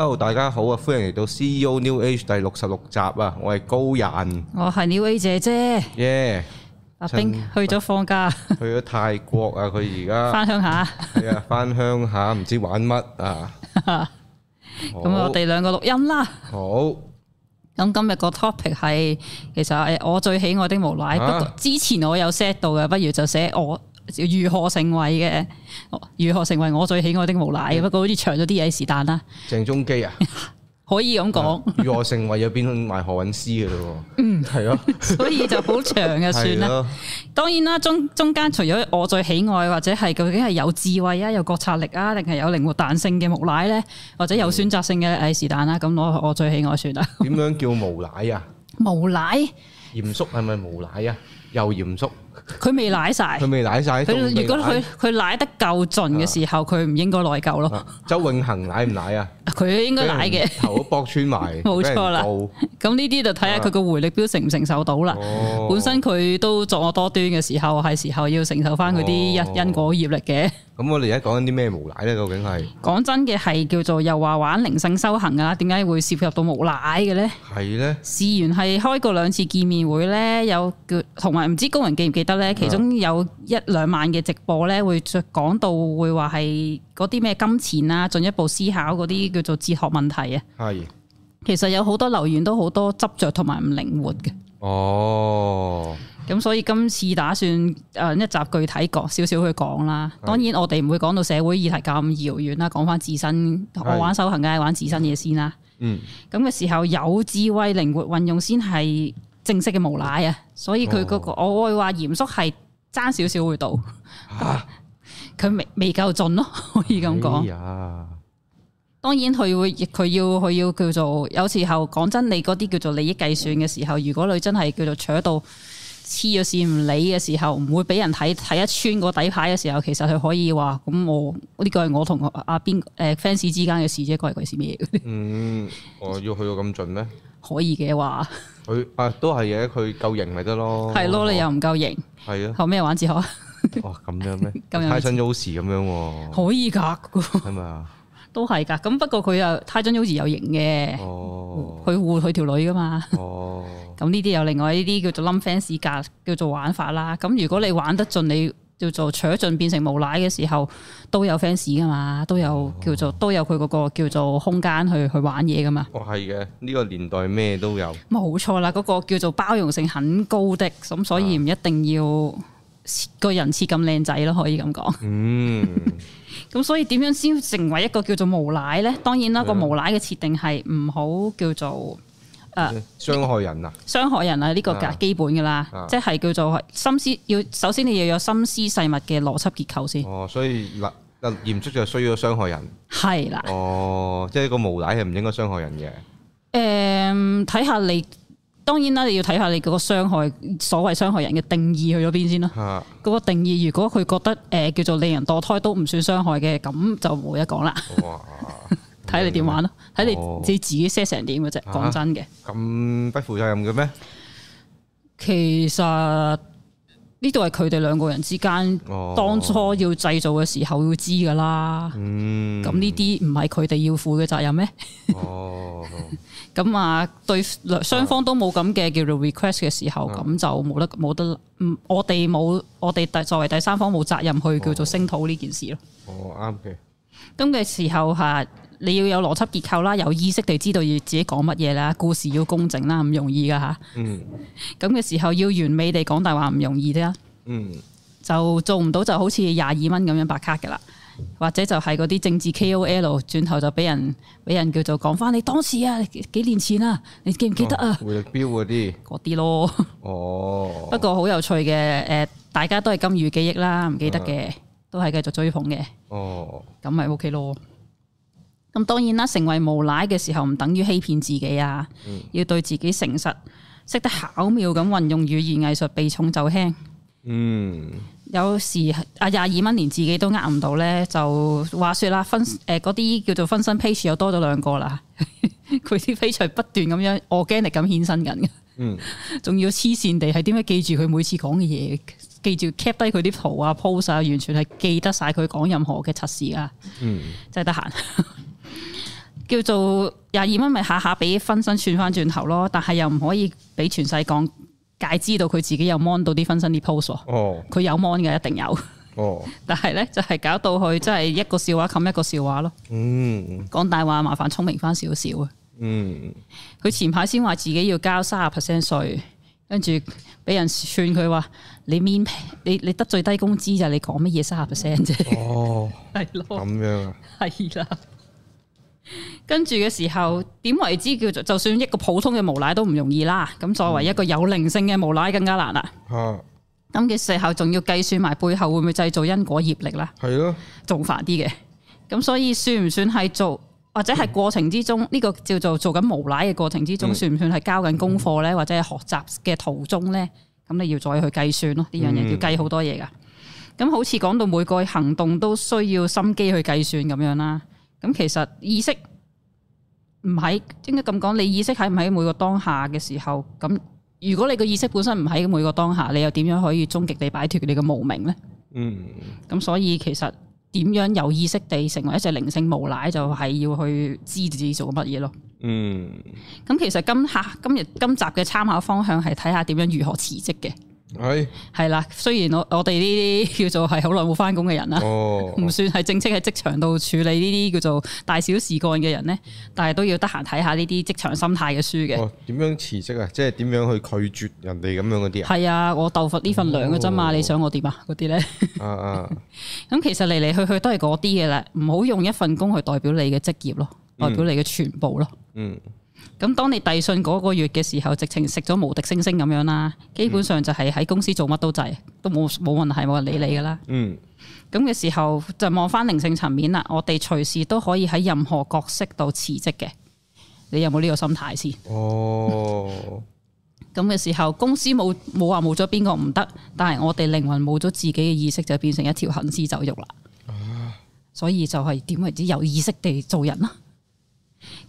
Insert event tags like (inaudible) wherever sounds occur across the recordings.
Hello 大家好啊！歡迎嚟到 CEO New Age 第六十六集啊！我係高人，我係 New Age 姐姐，耶，阿兵去咗放假，去咗泰國啊！佢而家返鄉下，係 (laughs) 啊，返鄉下唔知玩乜啊！咁 (laughs) 好我哋兩個錄音啦，好。咁今日個 topic 係，其實我最喜愛的無賴，啊、不過之前我有 set 到嘅，不如就寫我。如何成為嘅？如何成為我最喜愛的無賴？不過好似長咗啲嘢，是但啦。鄭中基啊， (laughs) 可以咁講，啊。如何成為要變埋何韻詩嘅咯？ (laughs) 嗯，係咯。所以就好長嘅算啦。 (laughs) 對哦，當然啦，中中間除咗我最喜愛，或者係究竟係有智慧啊，有覺察力啊，定係有靈活彈性嘅無賴咧，或者有選擇性嘅誒是但啦。咁我、嗯啊、我最喜愛算啦。點樣叫無賴啊？無賴賴？嚴肅係咪無賴啊？又嚴肅？佢未舐晒，佢未舐晒。佢如果佢佢舐得夠盡嘅時候，佢唔、啊、應該內疚咯。周永恒舐唔舐啊？佢應該舐嘅，頭都剝穿埋，冇錯 (laughs) 啦。咁呢啲就睇下佢個回力都承唔承受到啦。哦、本身佢都作惡多端嘅時候，係時候要承受翻佢啲一因果業力嘅。哦 (laughs) 咁我哋而家講緊啲咩無賴咧？究竟係講真嘅係叫做又話玩靈性修行啊？點解會涉及到無賴嘅咧？係咧呢，事然事緣係開過兩次見面會咧，有叫同埋唔知高人記唔記得咧，其中有一兩晚嘅直播咧，會著講到會話係嗰啲咩金錢啊，進一步思考嗰啲叫做哲學問題啊。係的，其實有好多留言都好多執着同埋唔靈活嘅。哦，咁、oh. 所以今次打算誒一集具體講少少去講啦。是當然我哋唔會講到社會議題咁遙遠啦，講翻自身，我是玩手行梗係，玩自身嘢先啦。嗯，咁嘅時候有智慧靈活運用先係正式嘅無賴啊。所以佢嗰個我會話嚴肅係爭少少會到，佢、啊、未未夠盡咯，可以咁講。哎當然佢會，佢要佢要叫做，有時候講真，你嗰啲叫做利益計算嘅時候，如果你真係叫做扯到黐咗線唔理嘅時候，唔會俾人睇睇一穿個底牌嘅時候，其實佢可以話，咁我呢個係我同阿邊誒 fans 之間嘅事啫，關佢事咩嘢？我、啊呃嗯呃、要去到咁盡咩？可以嘅話，佢啊都係嘅，佢夠型咪得咯？係咯，你又唔夠型？係啊。後尾玩字好啊？哇、哦，咁樣咩？咁有？Cousin 做事咁樣事？可以噶？係咪啊？ (laughs) (laughs) 都係噶，咁不過佢又太 y 好似有型嘅，佢護佢條女噶嘛。咁呢啲有另外呢啲叫做冧 fans 架，叫做玩法啦。咁如果你玩得盡，你叫做除咗盡變成無賴嘅時候，都有 fans 噶嘛，都有叫做、哦、都有佢嗰個叫做空間去去玩嘢噶嘛。哦，係嘅，呢、這個年代咩都有。冇錯啦，嗰、那個叫做包容性很高的，咁所以唔一定要。啊個人設咁靚仔咯，可以咁講。嗯，咁 (laughs) 所以點樣先成為一個叫做無賴咧？當然啦，個無賴嘅設定係唔好叫做誒傷、嗯呃、害人啊，傷害人啊呢、這個嘅基本噶啦，嗯、即係叫做心思要首先你要有心思細密嘅邏輯結構先。哦，所以嗱嗱，嚴肅就需要傷害人係啦。哦，即係個無賴係唔應該傷害人嘅。誒、嗯，睇下你。當然啦，你要睇下你嗰個傷害，所謂傷害人嘅定義去咗邊先咯。嗰、啊、個定義，如果佢覺得誒、呃、叫做令人墮胎都唔算傷害嘅，咁就冇得講啦。睇哇 (laughs) 你點玩咯，睇、啊、你自己寫成點嘅啫。講真嘅，咁、啊、不負責任嘅咩？其實。呢度係佢哋兩個人之間當初要製造嘅時候要知㗎啦，咁呢啲唔係佢哋要負嘅責任咩？咁、哦、 (laughs) 啊，對雙方都冇咁嘅叫做 request 嘅時候，咁、哦、就冇得冇得，嗯，我哋冇我哋第作為第三方冇責任去叫做聲討呢件事咯、哦。哦，啱嘅。咁嘅時候吓。你要有邏輯結構啦，有意識地知道要自己講乜嘢啦，故事要公正啦，唔容易噶吓。咁嘅、嗯、 (laughs) 時候要完美地講大話唔容易啫。嗯。就做唔到就好似廿二蚊咁樣白卡嘅啦，或者就係嗰啲政治 KOL，轉頭就俾人俾人叫做講翻你當時啊，幾年前啊，你記唔記得啊？匯率表嗰啲，嗰啲 (laughs) 咯。哦。 (laughs) 不過好有趣嘅，誒，大家都係金魚記憶啦，唔記得嘅，都係繼續追捧嘅。哦。咁咪 OK 咯。咁當然啦，成為無賴嘅時候唔等於欺騙自己啊！嗯、要對自己誠實，識得巧妙咁運用語言藝術，避重就輕。嗯，有時阿廿二蚊連自己都呃唔到咧，就話説啦分誒嗰啲叫做分身 page 又多咗兩個啦，佢啲非常不斷咁、嗯、樣我驚力咁顯身緊嘅，仲要黐線地係點樣記住佢每次講嘅嘢，記住 cap 低佢啲圖啊 post 啊，完全係記得晒佢講任何嘅測試啊，嗯、真係得閒。叫做廿二蚊，咪下下俾分身串翻轉頭咯。但係又唔可以俾全世界解知道佢自己有 mon 到啲分身啲 pose 哦。佢有 mon 嘅，一定有。哦、但係呢就係、是、搞到佢真係一個笑話冚一個笑話咯。嗯，講大話麻煩聰明翻少少啊。佢、嗯、前排先話自己要交三十 percent 稅，跟住俾人算。佢話你面你你得最低工資就係你講乜嘢三十 percent 啫。哦，係 (laughs) 咯，咁樣係、啊、 (laughs) 啦。跟住嘅時候，點為之叫做就算一個普通嘅無賴都唔容易啦。咁作為一個有靈性嘅無賴更加難啦。啊、嗯，咁嘅時候仲要計算埋背後會唔會製造因果業力啦。係咯嘅，仲煩啲嘅。咁所以算唔算係做或者係過程之中呢個叫做做緊無賴嘅過程之中，嗯、之中算唔算係交緊功課咧？或者係學習嘅途中咧？咁你要再去計算咯，呢樣嘢要計、嗯、好多嘢噶。咁好似講到每個行動都需要心機去計算咁樣啦。咁其實意識唔喺，應該咁講，你意識喺唔喺每個當下嘅時候？咁如果你個意識本身唔喺每個當下，你又點樣可以終極地擺脫你嘅無明咧？嗯。咁所以其實點樣有意識地成為一隻靈性無賴，就係、是、要去知自己做乜嘢咯。嗯。咁其實今下今日今集嘅參考方向係睇下點樣如何辭職嘅。係係啦，雖然我我哋呢啲叫做係好耐冇返工嘅人啦，唔、哦、 (laughs) 算係正式喺職場度處理呢啲叫做大小事幹嘅人咧，但係都要得閒睇下呢啲職場心態嘅書嘅。點、哦、樣辭職啊？即係點樣去拒絕人哋咁樣嗰啲啊？係啊、哦，我豆腐呢份糧嘅啫嘛，你想我點啊？嗰啲咧，咁其實嚟嚟去去都係嗰啲嘅啦，唔好用一份工去代表你嘅職業咯，嗯、代表你嘅全部咯，嗯。咁當你遞信嗰個月嘅時候，直情食咗無敵星星咁樣啦，基本上就係喺公司做乜都滯、就是，都冇冇問題，冇人理你噶啦。嗯，咁嘅時候就望翻靈性層面啦，我哋隨時都可以喺任何角色度辭職嘅。你有冇呢個心態先？哦，咁嘅 (laughs) 時候公司冇冇話冇咗邊個唔得，但係我哋靈魂冇咗自己嘅意識就變成一條行屍走肉啦。哦、所以就係點為之有意識地做人啦。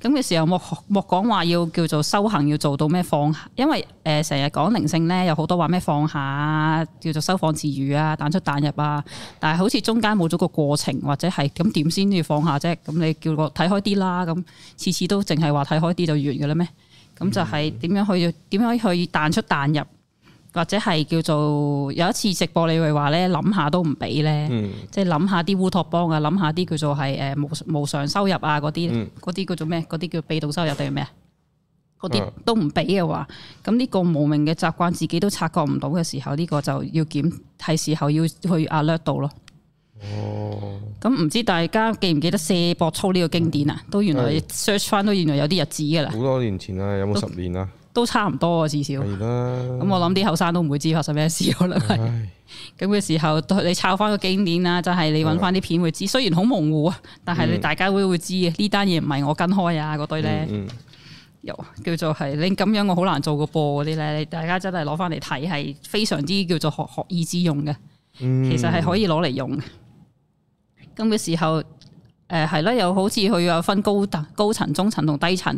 咁嘅時候莫莫講話要叫做修行，要做到咩放下？因為誒，成日講靈性咧，有好多話咩放下，叫做收放自如啊，彈出彈入啊。但係好似中間冇咗個過程，或者係咁點先至放下啫？咁你叫我睇開啲啦，咁次次都淨係話睇開啲就完嘅啦咩？咁就係點樣去？點樣去彈出彈入？或者係叫做有一次直播，你咪話咧，諗下都唔俾咧，即係諗下啲烏托邦啊，諗下啲叫做係誒無無償收入啊嗰啲，嗰啲、嗯、叫做咩？嗰啲叫被動收入定係咩？嗰啲都唔俾嘅話，咁呢個無名嘅習慣，自己都察覺唔到嘅時候，呢、呢個就要檢係時候要去 alert 到咯。哦，咁唔知大家記唔記得卸博操呢個經典啊？嗯、都原來 search 翻都原來有啲日子嘅啦。好多年前啦，有冇十年啊？都差唔多啊，至少咁的我諗啲後生都唔會知發生咩事，可能係咁嘅時候，你抄翻個經典啦，就係你揾翻啲片會知。的雖然好模糊啊，但係你大家會會知嘅。呢單嘢唔係我跟開啊，嗰堆咧，又、嗯嗯、叫做係你咁樣，我好難做個波嗰啲咧。你大家真係攞翻嚟睇，係非常之叫做學學以致用嘅。其實係可以攞嚟用咁嘅、嗯、時候。誒係啦，又好似佢有分高層、高層、中層同低層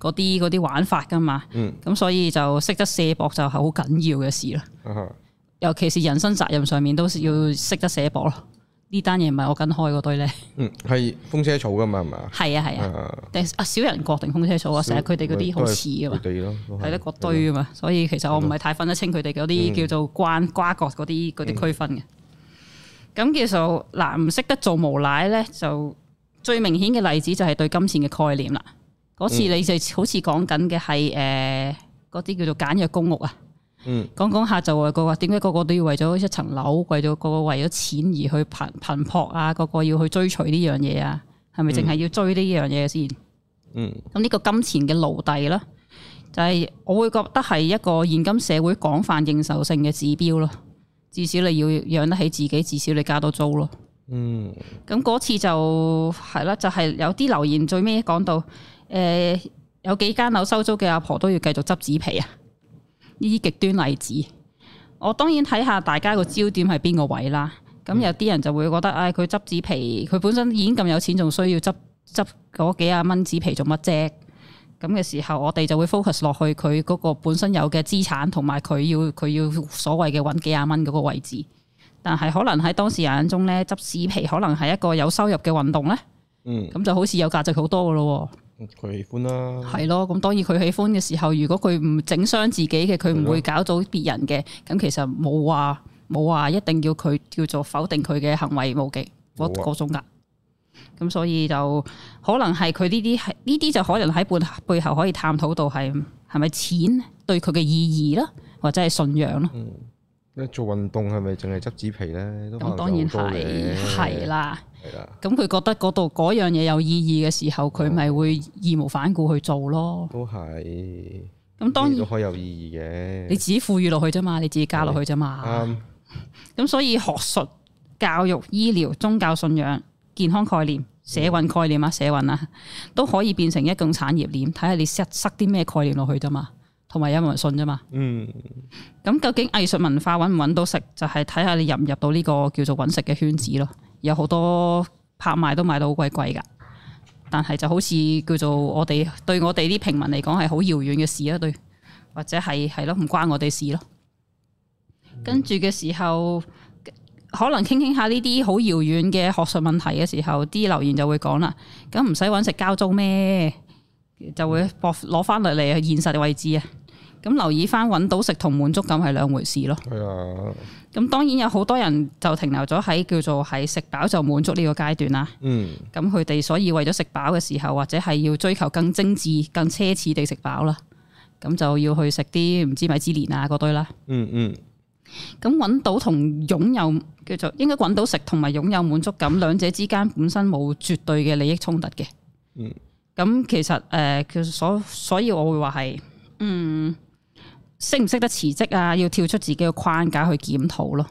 嗰啲嗰啲玩法噶嘛。咁所以就識得卸博就係好緊要嘅事啦。尤其是人生責任上面都要識得卸博咯。呢單嘢唔係我跟開嗰堆咧。嗯，係風車草噶嘛，係咪？係啊係啊。啊，小人國定風車草啊，成日佢哋嗰啲好似啊嘛。地咯。係得個堆啊嘛，所以其實我唔係太分得清佢哋嗰啲叫做關瓜葛嗰啲嗰啲區分嘅。咁其實嗱，唔識得做無賴咧就。最明顯嘅例子就係對金錢嘅概念啦。嗰、嗯、次你就好似講緊嘅係誒嗰啲叫做簡約公屋啊。嗯、講講下就話個個點解個個都要為咗一層樓，為咗個個為咗錢而去頻頻撲啊，個個要去追隨呢樣嘢啊，係咪淨係要追呢樣嘢先？嗯，咁呢個金錢嘅奴隸咧，就係、是、我會覺得係一個現今社會廣泛認受性嘅指標咯。至少你要養得起自己，至少你加多租咯。嗯，咁嗰次就係啦，就係、是、有啲留言最尾講到，誒、呃，有幾間樓收租嘅阿婆，婆都要繼續執紙皮啊！呢啲極端例子，我當然睇下大家個焦點係邊個位啦。咁有啲人就會覺得，唉、哎，佢執紙皮，佢本身已經咁有錢，仲需要執執嗰幾廿蚊紙皮做乜啫？咁嘅時候，我哋就會 focus 落去佢嗰個本身有嘅資產，同埋佢要佢要所謂嘅搵幾廿蚊嗰個位置。但係可能喺當事人眼中咧，執屎皮可能係一個有收入嘅運動咧。嗯，咁就好似有價值好多噶咯。佢喜歡啦。係咯，咁當然佢喜歡嘅時候，如果佢唔整傷自己嘅，佢唔會搞到別人嘅。咁、嗯、其實冇話冇話一定要佢叫做否定佢嘅行為無忌，嗰嗰種噶。咁、啊、所以就可能係佢呢啲係呢啲就可能喺背背後可以探討到係係咪錢對佢嘅意義咯，或者係信仰咯。嗯做運動係咪淨係執紙皮咧？咁當然係，係啦。咁佢覺得嗰度嗰樣嘢有意義嘅時候，佢咪、嗯、會義無反顧去做咯。都係是。咁當然都可以有意義嘅。你自己賦予落去啫嘛，你自己加落去啫嘛。啱對。咁所以學術、教育、醫療、宗教、信仰、健康概念、社運概念啊，社運啊，都可以變成一種產業鏈，睇下你塞塞啲咩概念落去啫嘛。同埋有一文信啫嘛。嗯。咁究竟藝術文化揾唔揾到食？就係睇下你入唔入到呢個叫做揾食嘅圈子咯。有好多拍賣都賣到好鬼貴噶，但係就好似叫做我哋對我哋啲平民嚟講係好遙遠嘅事啊，對，或者係係咯，唔關我哋事咯。嗯、跟住嘅時候，可能傾傾下呢啲好遙遠嘅學術問題嘅時候，啲留言就會講啦。咁唔使揾食交租咩？就會駁攞翻落嚟去現實嘅位置啊。咁留意翻，揾到食同滿足感係兩回事咯。係啊、哎呀，咁當然有好多人就停留咗喺叫做係食飽就滿足呢個階段啦。嗯，咁佢哋所以為咗食飽嘅時候，或者係要追求更精緻、更奢侈地食飽啦。咁就要去食啲唔知米芝蓮啊嗰堆啦。嗯嗯，咁揾到同擁有叫做應該揾到食同埋擁有滿足感兩者之間本身冇絕對嘅利益衝突嘅。嗯，咁、嗯、其實誒，佢、呃、所所以我會話係嗯。識唔識得辭職啊？要跳出自己嘅框架去檢討咯。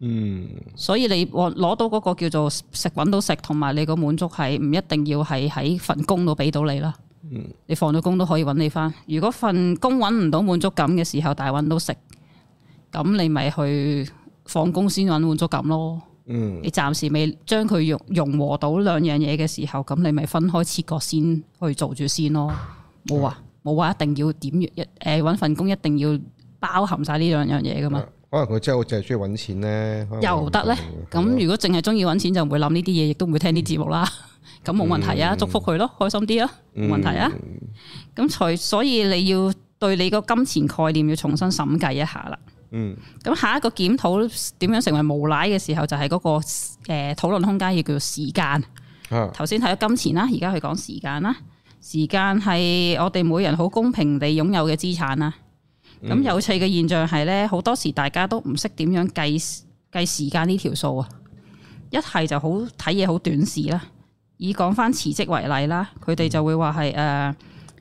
嗯。所以你我攞到嗰個叫做食揾到食，同埋你個滿足係唔一定要係喺份工度俾到你啦。嗯。你放咗工都可以揾你返。如果份工揾唔到滿足感嘅時候，但係揾到食，咁你咪去放工先揾滿足感咯。嗯。你暫時未將佢融融合到兩樣嘢嘅時候，咁你咪分開切割先去做住先咯。冇啊。嗯。嗯冇話一定要點一誒搵份工，一定要包含晒呢兩樣嘢噶嘛、啊？可能佢真係好淨係中意搵錢咧，又得咧。咁、啊嗯、如果淨係中意搵錢就，就唔會諗呢啲嘢，亦都唔會聽啲節目啦。咁 (laughs) 冇問題啊，嗯、祝福佢咯，開心啲咯，冇問題啊。咁除、嗯、所以，你要對你個金錢概念要重新審計一下啦。嗯。咁下一個檢討點樣成為無賴嘅時候就、那個，就係嗰個誒討論空間亦叫做時間。啊。頭先睇咗金錢啦，而家去講時間啦。時間係我哋每人好公平地擁有嘅資產啦。咁、嗯、哼有趣嘅現象係咧，好多時大家都唔識點樣計計時間呢條數啊。一係就好睇嘢，好短視啦。以講翻辭職為例啦，佢哋就會話係誒，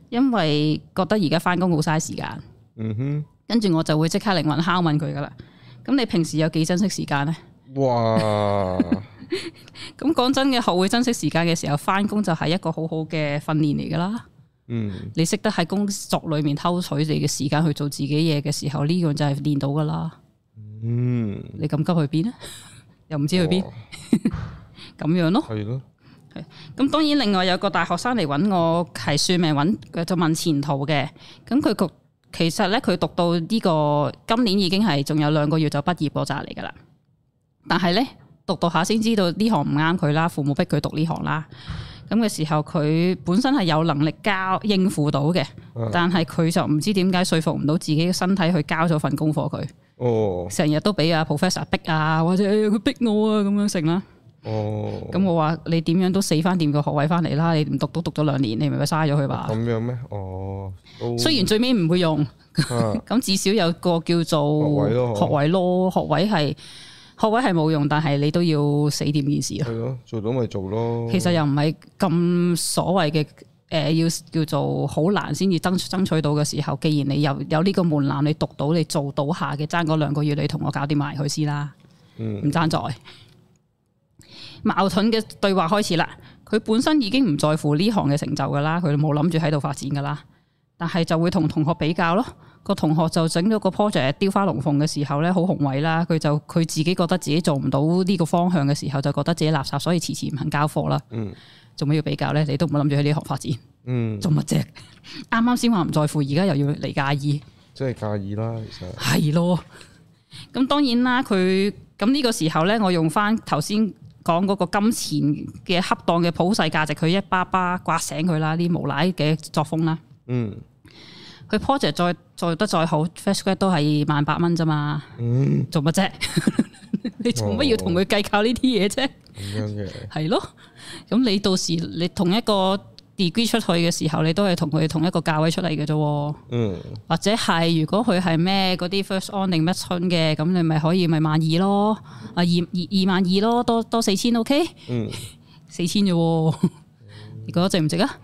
因為覺得而家翻工好嘥時間。嗯哼。跟住我就會即刻靈魂拷問佢噶啦。咁你平時有幾珍惜時間呢？哇！ (laughs) 咁講真嘅，學會珍惜時間嘅時候，翻工就係一個好好嘅訓練嚟噶啦。嗯，你識得喺工作裏面偷取你嘅時間去做自己嘢嘅時候，呢個就係練到噶啦。嗯，你咁急去邊咧？又唔知去邊，咁哇 (laughs) 樣咯。係咯的。係。咁當然，另外有個大學生嚟搵我，係算命搵，佢就問前途嘅。咁佢讀，其實咧佢讀到呢個今年已經係仲有兩個月就畢業嗰扎嚟噶啦，但係咧。讀讀下先知道呢行唔啱佢啦，父母逼佢讀呢行啦。咁嘅時候佢本身係有能力交應付到嘅，啊、但係佢就唔知點解說服唔到自己嘅身體去交咗份功課佢。哦，成日都俾阿 professor 逼啊，或者佢逼我啊咁樣成啦。哦、嗯，咁我話你點樣都死翻掂個學位翻嚟啦，你唔讀都讀咗兩年，你咪嘥咗佢吧。咁樣咩？哦，雖然最尾唔會用，咁、啊嗯、至少有個叫做學位，學位咯，學位係。學位係冇用，但係你都要死掂件事啊！係咯，做到咪做咯。其實又唔係咁所謂嘅，誒、呃、要叫做好難先至爭爭取到嘅時候，既然你有有呢個門檻，你讀到你做到下嘅，爭嗰兩個月，你同我搞掂埋佢先啦，嗯，唔爭在矛盾嘅對話開始啦。佢本身已經唔在乎呢行嘅成就噶啦，佢冇諗住喺度發展噶啦。但係就會同同學比較咯，個同學就整咗個 project 雕花龍鳳嘅時候咧，好雄偉啦。佢就佢自己覺得自己做唔到呢個方向嘅時候，就覺得自己垃圾，所以遲遲唔肯交貨啦。嗯、做咩要比較咧？你都唔好諗住喺呢行發展，嗯、做乜啫？啱啱先話唔在乎，而家又要嚟介意，即係介意啦。其實係咯，咁當然啦。佢咁呢個時候咧，我用翻頭先講嗰個金錢嘅恰當嘅普世價值，佢一巴巴刮醒佢啦！啲無賴嘅作風啦～嗯，佢 project 再做得再好，first grade 都係萬八蚊啫嘛，做乜啫？你做乜要同佢計較呢啲嘢啫？係咯，咁你到時你同一個 degree 出去嘅時候，你都係同佢同一個價位出嚟嘅啫。嗯，或者係如果佢係咩嗰啲 first on 定乜春嘅，咁你咪可以咪萬二咯，啊二二二萬二咯，多多四千，OK，嗯，四千啫，你覺得值唔值啊？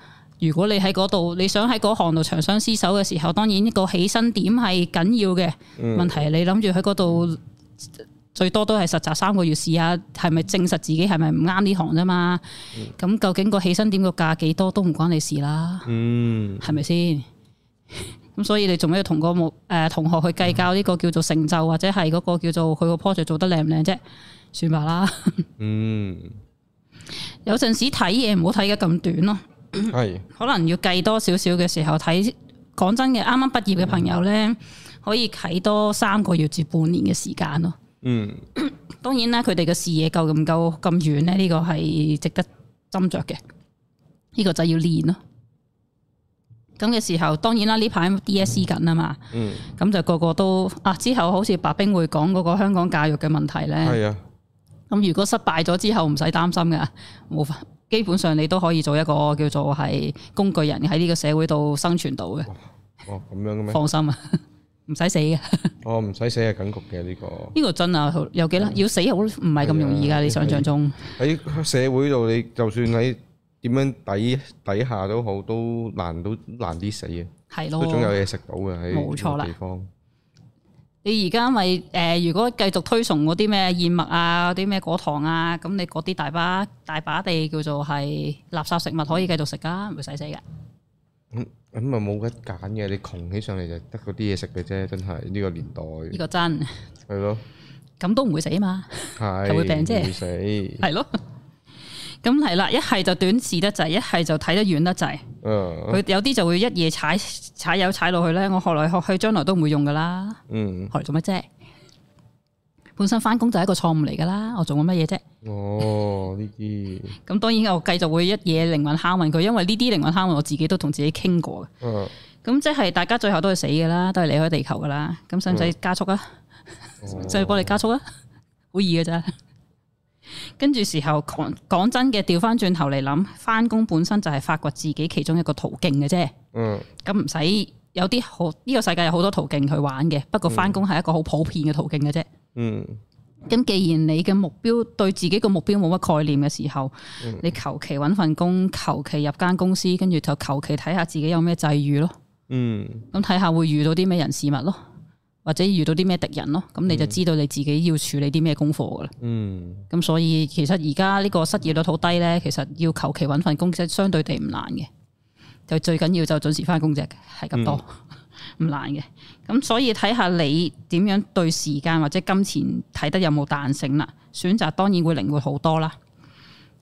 如果你喺嗰度，你想喺嗰行度長相厮守嘅時候，當然個起身點係緊要嘅、嗯、問題。你諗住喺嗰度最多都係實習三個月試下，係咪證實自己係咪唔啱呢行啫嘛？咁、嗯、究竟個起身點個價幾多都唔關你事啦。嗯，係咪先？咁 (laughs) 所以你仲要同個冇、呃、同學去計較呢個叫做成就，或者係嗰個叫做佢個 project 做得靚唔靚啫？算罷啦。 (laughs) 嗯，有陣時睇嘢唔好睇得咁短咯。係，嗯、可能要計多少少嘅時候睇，講真嘅，啱啱畢業嘅朋友咧，嗯、可以啟多三個月至半年嘅時間咯。嗯，當然啦，佢哋嘅視野夠唔夠咁遠咧？呢、這個係值得斟酌嘅。呢、這個就要練咯。咁嘅時候，當然啦，呢排 D.S.C. 緊啊嘛嗯。嗯。咁就個個都啊，之後好似白兵會講嗰個香港教育嘅問題咧。係啊、嗯。咁、嗯、如果失敗咗之後擔，唔使擔心噶，冇法。基本上你都可以做一個叫做係工具人，喺呢個社會度生存到嘅。哦，咁樣嘅咩？放心啊，唔使死嘅。 (laughs) 哦，唔使死係梗局嘅，呢、呢個。呢個真啊，有幾難。要死好唔係咁容易噶，哎、呀你想象中喺社會度，你就算喺點樣底底下都好，都難都難啲死嘅。係咯的，都總有嘢食到嘅喺呢個地方。冇錯啦。你而家咪誒？如果繼續推崇嗰啲咩燕麥啊、嗰啲咩果糖啊，咁你嗰啲大把大把地叫做係垃圾食物可以繼續食噶，唔會使死噶。咁咁咪冇得揀嘅，你窮起上嚟就得嗰啲嘢食嘅啫，真係呢、呢個年代。呢個真。係咯。咁都唔會死啊嘛。係。 (laughs) 會病啫。會死。係 (laughs) 咯。咁係啦，一係就短視得滯，一係就睇得遠得滯。佢有啲就會一夜踩踩油踩落去咧，我學來學去，將來都唔會用噶啦。嗯，學嚟做乜啫？本身翻工就係一個錯誤嚟噶啦，我做乜乜嘢啫？哦，呢啲咁當然我繼續會一夜靈魂拷問佢，因為呢啲靈魂拷問我自己都同自己傾過。嗯，咁即係大家最後都係死噶啦，都係離開地球噶啦。咁使唔使加速啊？就係幫你加速啊！好易噶啫～、哦 (noise) 跟住時候講，講真嘅，調翻轉頭嚟諗，翻工本身就係發掘自己其中一個途徑嘅啫。嗯，咁唔使有啲好呢、這個世界有好多途徑去玩嘅，不過翻工係一個好普遍嘅途徑嘅啫。嗯，咁既然你嘅目標對自己個目標冇乜概念嘅時候，嗯、你求其揾份工，求其入間公司，跟住就求其睇下自己有咩際遇咯。嗯，咁睇下會遇到啲咩人事物咯。或者遇到啲咩敵人咯，咁你就知道你自己要處理啲咩功課噶啦。嗯，咁所以其實而家呢個失業率好低咧，其實要求其揾份工其實相對地唔難嘅，就最緊要就準時翻工啫，係咁多唔、嗯、 (laughs) 難嘅。咁所以睇下你點樣對時間或者金錢睇得有冇彈性啦，選擇當然會靈活好多啦。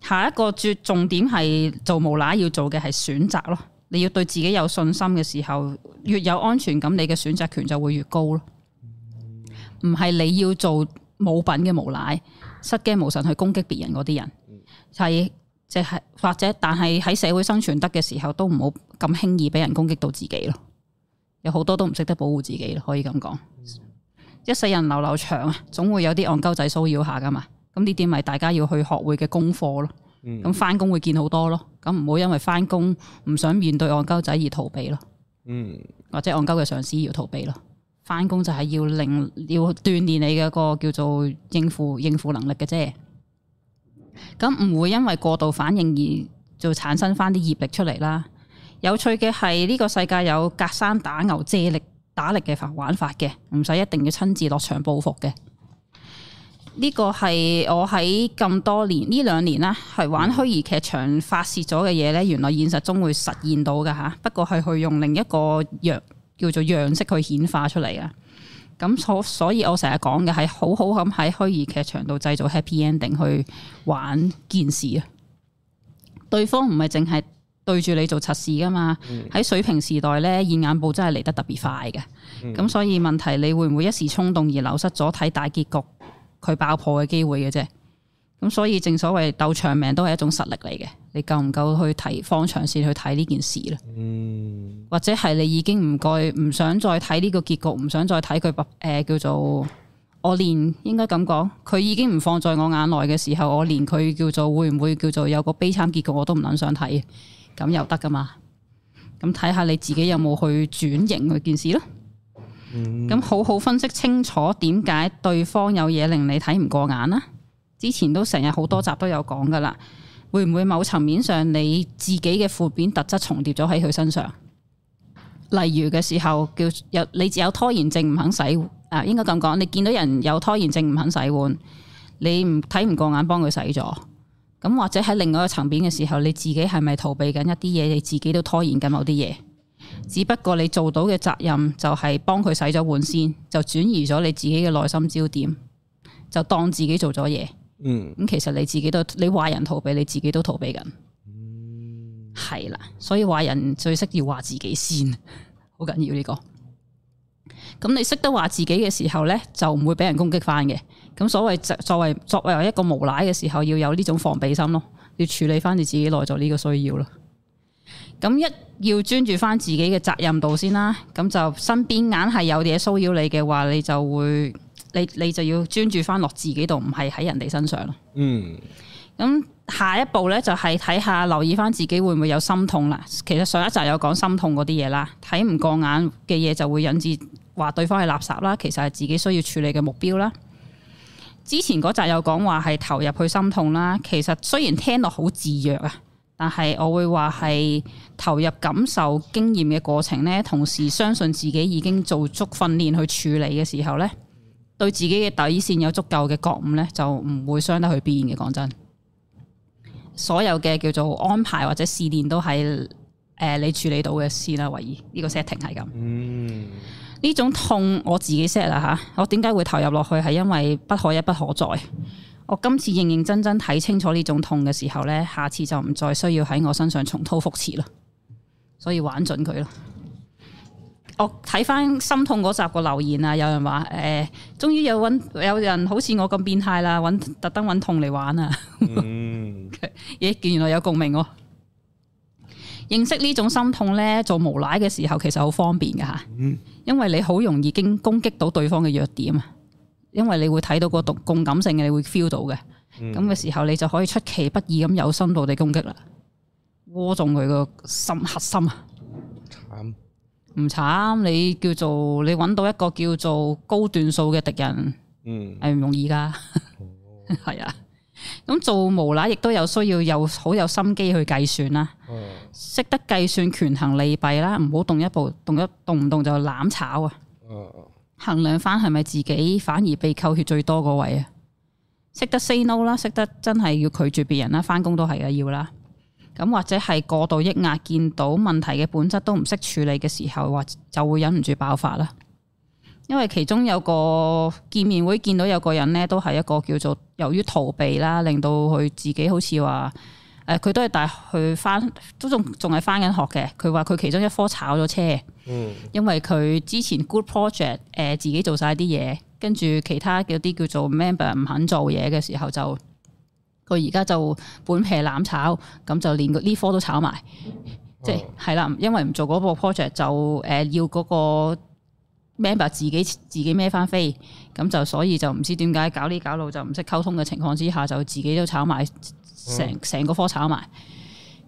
下一個最重點係做無賴要做嘅係選擇咯。你要對自己有信心嘅時候，越有安全感，你嘅選擇權就會越高咯。唔係你要做冇品嘅無賴、失驚無神去攻擊別人嗰啲人，係即係或者，但係喺社會生存得嘅時候，都唔好咁輕易俾人攻擊到自己咯。有好多都唔識得保護自己，可以咁講。一世人流流長啊，總會有啲戇鳩仔騷擾下噶嘛。咁呢點咪大家要去學會嘅功課咯。咁返工會見好多咯。咁唔好因為翻工，唔想面對戇鳩仔而逃避咯，嗯、或者戇鳩嘅上司要逃避咯。翻工就係要令要鍛煉你嘅個叫做應付應付能力嘅啫。咁唔會因為過度反應而就產生翻啲業力出嚟啦。有趣嘅係呢個世界有隔山打牛、借力打力嘅法玩法嘅，唔使一定要親自落場報復嘅。呢個係我喺咁多年呢兩年啦，係玩虛擬劇場發泄咗嘅嘢咧，原來現實中會實現到㗎吓。不過係去用另一個樣叫做樣式去顯化出嚟啊。咁所所以我，我成日講嘅係好好咁喺虛擬劇場度製造 happy ending 去玩件事啊。對方唔係淨係對住你做測試噶嘛？喺水瓶時代咧，現眼報真係嚟得特別快嘅。咁所以問題，你會唔會一時衝動而流失咗睇大結局？佢爆破嘅機會嘅啫，咁所以正所謂鬥長命都係一種實力嚟嘅，你夠唔夠去睇放長線去睇呢件事咧？嗯，或者係你已經唔再唔想再睇呢個結局，唔想再睇佢，誒，叫做我連應該咁講，佢已經唔放在我眼內嘅時候，我連佢叫做會唔會叫做有個悲慘結局我都唔撚想睇，咁又得噶嘛？咁睇下你自己有冇去轉型嗰件事囉？咁好好分析清楚點解對方有嘢，令你睇唔過眼啦？之前都成日好多集都有講噶啦會唔會某層面上你自己嘅負面特質重疊咗喺佢身上？例如嘅時候叫有你有拖延症唔肯洗啊、呃，應該咁講，你見到人有拖延症唔肯洗碗，你唔睇唔過眼幫佢洗咗，咁或者喺另外一個層面嘅時候，你自己係咪逃避緊一啲嘢，你自己都拖延緊某啲嘢？只不過你做到嘅責任就係幫佢洗咗碗先，就轉移咗你自己嘅內心焦點，就當自己做咗嘢。嗯，咁其實你自己都你話人逃避，你自己都逃避緊，係啦。所以話人最識要話自己先，好緊要呢個。咁你識得話自己嘅時候呢，就唔會俾人攻擊翻嘅。咁所謂作作為作為一個無賴嘅時候，要有呢種防備心咯，要處理翻你自己內在呢個需要咯。咁一要專注翻自己嘅責任度先啦，咁就身邊硬係有嘢騷擾你嘅話，你就會你你就要專注翻落自己度，唔係喺人哋身上咯。嗯，咁下一步咧就係睇下留意翻自己會唔會有心痛啦。其實上一集有講心痛嗰啲嘢啦，睇唔過眼嘅嘢就會引致話對方係垃圾啦，其實係自己需要處理嘅目標啦。之前嗰集有講話係投入去心痛啦，其實雖然聽落好自虐啊。但係我會話係投入感受經驗嘅過程咧，同時相信自己已經做足訓練去處理嘅時候咧，對自己嘅底線有足夠嘅覺悟咧，就唔會傷得去邊嘅。講真，所有嘅叫做安排或者試練都係誒、呃、你處理到嘅先啦，維儀呢個 setting 係咁。嗯，呢種痛我自己 set 啦吓，我點解會投入落去係因為不可一不可再。我今次認認真真睇清楚呢種痛嘅時候咧，下次就唔再需要喺我身上重蹈覆轍啦。所以玩盡佢咯。我睇翻心痛嗰集個留言啊，有人話誒，終於有揾有人好似我咁變態啦，揾特登揾痛嚟玩啊。咦，見原來有共鳴哦、啊。認識呢種心痛咧，做無賴嘅時候其實好方便噶吓。因為你好容易已經攻擊到對方嘅弱點啊。因為你會睇到個共共感性嘅，你會 feel 到嘅，咁嘅、嗯、時候你就可以出其不意咁有深度地攻擊啦，窩中佢個心核心啊！慘唔慘？你叫做你揾到一個叫做高段數嘅敵人，嗯、嗯，係唔容易噶，係啊，咁做無賴亦都有需要有好有心機去計算啦，識、嗯、得計算權衡利弊啦，唔好動一步，動一動唔動就攬炒啊！衡量翻係咪自己反而被扣血最多嗰位啊？識得 say no 啦，識得真係要拒絕別人啦，翻工都係啊，要啦。咁或者係過度抑壓，見到問題嘅本質都唔識處理嘅時候，或就會忍唔住爆發啦。因為其中有個見面會見到有個人呢，都係一個叫做由於逃避啦，令到佢自己好似話。誒佢都係大學，佢翻都仲仲係翻緊學嘅。佢話佢其中一科炒咗車，嗯、因為佢之前 good project 誒、呃、自己做晒啲嘢，跟住其他嗰啲叫做 member 唔肯做嘢嘅時候就，就佢而家就本皮攬炒，咁就連呢科都炒埋，嗯、即係係啦，因為唔做嗰個 project 就誒、呃、要嗰個 member 自己自己孭翻飛。咁就所以就唔知點解搞呢搞路就唔識溝通嘅情況之下，就自己都炒埋成成個科炒埋。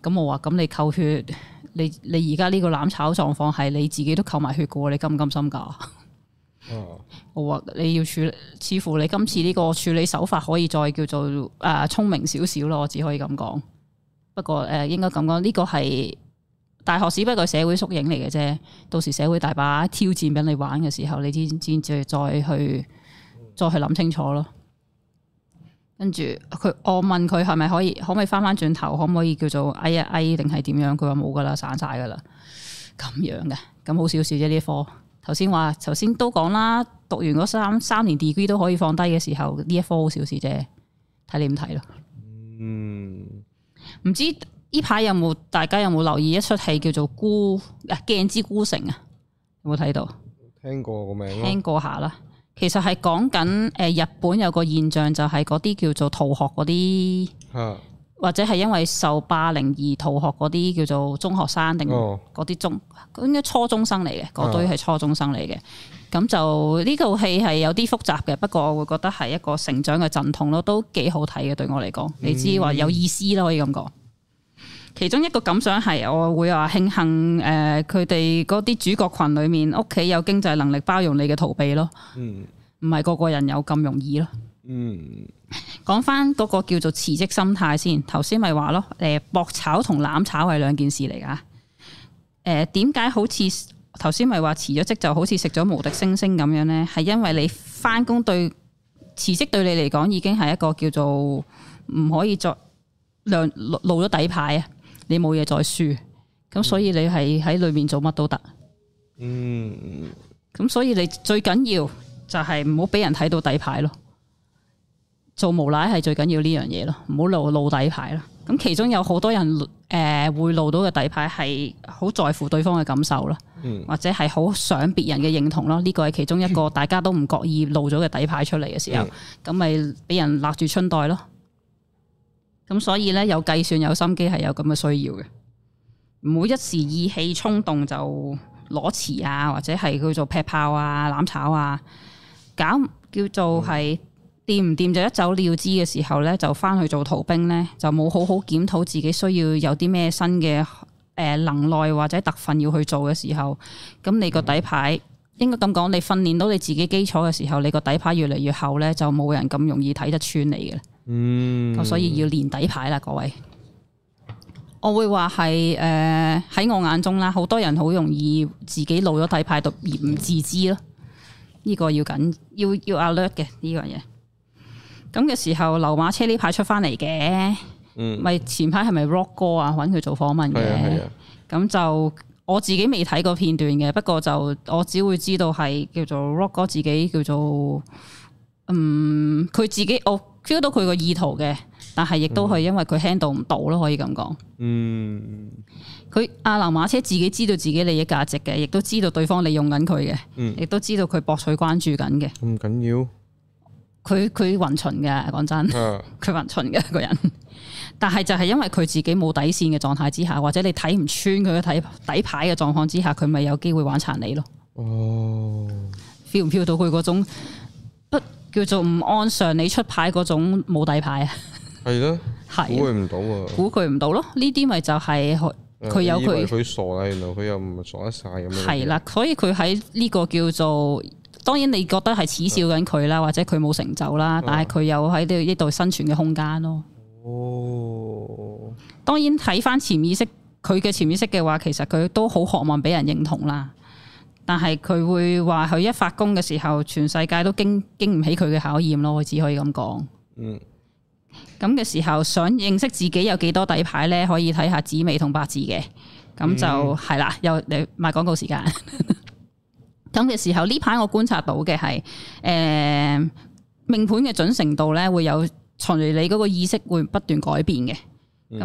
咁我話咁你扣血，你你而家呢個攬炒狀況係你自己都扣埋血嘅，你甘唔甘心㗎？嗯、我話你要處理，似乎你今次呢個處理手法可以再叫做誒、啊、聰明少少咯，我只可以咁講。不過誒、呃、應該咁講，呢、呢個係。大學只不過社會縮影嚟嘅啫，到時社會大把挑戰俾你玩嘅時候，你先先至再去再去諗清楚咯。跟住佢，我問佢係咪可以，可唔可以翻翻轉頭，可唔可以叫做 A 啊 A，定係點樣？佢話冇噶啦，散晒噶啦，咁樣嘅，咁好少少啫。呢一科，頭先話，頭先都講啦，讀完三三年 degree 都可以放低嘅時候，呢一科好少少啫，睇你點睇咯。嗯，唔知。呢排有冇大家有冇留意一出戲叫做孤《孤啊鏡之孤城》啊？有冇睇到？聽過個名，聽過下啦。其實係講緊誒，日本有個現象就係嗰啲叫做逃學嗰啲，啊、或者係因為受霸凌而逃學嗰啲叫做中學生，定嗰啲中、哦、應該初中生嚟嘅，嗰堆係初中生嚟嘅。咁、啊、就呢套戲係有啲複雜嘅，不過我會覺得係一個成長嘅陣痛咯，都幾好睇嘅。對我嚟講，你知話有意思咯，可以咁講。其中一個感想係，我會話慶幸誒，佢哋嗰啲主角群裏面屋企有經濟能力包容你嘅逃避咯。嗯，唔係個個人有咁容易咯。嗯，講翻嗰個叫做辭職心態先，頭先咪話咯，誒、呃、搏炒同攬炒係兩件事嚟噶。誒、呃，點解好似頭先咪話辭咗職就好似食咗無敵星星咁樣咧？係因為你翻工對辭職對你嚟講已經係一個叫做唔可以再亮露露咗底牌啊！你冇嘢再輸，咁、嗯、所以你係喺裏面做乜都得。嗯，咁所以你最緊要就係唔好俾人睇到底牌咯，做無賴係最緊要呢樣嘢咯，唔好露露底牌咯。咁其中有好多人誒、呃、會露到嘅底牌係好在乎對方嘅感受咯，嗯、或者係好想別人嘅認同咯。呢、這個係其中一個大家都唔覺意露咗嘅底牌出嚟嘅時候，咁咪俾人納住春袋咯。咁所以咧，有計算有心機係有咁嘅需要嘅，唔好一時意氣衝動就裸辭啊，或者係叫做劈炮啊、攬炒啊，搞叫做係掂唔掂就一走了之嘅時候咧，就翻去做逃兵咧，就冇好好檢討自己需要有啲咩新嘅誒能耐或者特訓要去做嘅時候，咁你個底牌應該咁講，你訓練到你自己基礎嘅時候，你個底牌越嚟越厚咧，就冇人咁容易睇得穿你嘅。嗯，所以要練底牌啦，各位。我會話係誒喺我眼中啦，好多人好容易自己露咗底牌度而唔自知咯。呢、這個要緊，要要 alert 嘅呢樣嘢。咁、這、嘅、個、時候，劉馬車呢排出翻嚟嘅，咪、嗯、前排係咪 Rock 哥啊，搵佢做訪問嘅，係咁、啊啊、就我自己未睇過片段嘅，不過就我只會知道係叫做 Rock 哥自己叫做，嗯，佢自己我。哦 feel 到佢個意圖嘅，但係亦都係因為佢 handle 唔到咯，可以咁講。嗯，佢阿牛馬車自己知道自己利益價值嘅，亦都知道對方利用緊佢嘅，亦都、嗯、知道佢博取關注緊嘅。唔緊要，佢佢混純嘅，講真，佢混純嘅一個人。但係就係因為佢自己冇底綫嘅狀態之下，或者你睇唔穿佢嘅睇底牌嘅狀況之下，佢咪有機會玩殘你咯。哦，feel 唔 feel 到佢嗰種不？叫做唔按常理出牌嗰種冇底牌啊！係咯，係估佢唔到啊，估佢唔到咯。呢啲咪就係佢有佢佢、啊、傻啦，原來佢又唔係傻得晒咁樣。係啦，所以佢喺呢個叫做，當然你覺得係恥笑緊佢啦，的或者佢冇成就啦，但係佢有喺呢一度生存嘅空間咯。哦，當然睇翻潛意識，佢嘅潛意識嘅話，其實佢都好渴望俾人認同啦。但係佢會話佢一發功嘅時候，全世界都經經唔起佢嘅考驗咯，我只可以咁講。嗯。咁嘅時候想認識自己有幾多底牌咧，可以睇下紫微同八字嘅。咁就係啦，又嚟賣廣告時間。咁 (laughs) 嘅時候呢排我觀察到嘅係，誒、呃、命盤嘅準程度咧會有隨你嗰個意識會不斷改變嘅。咁、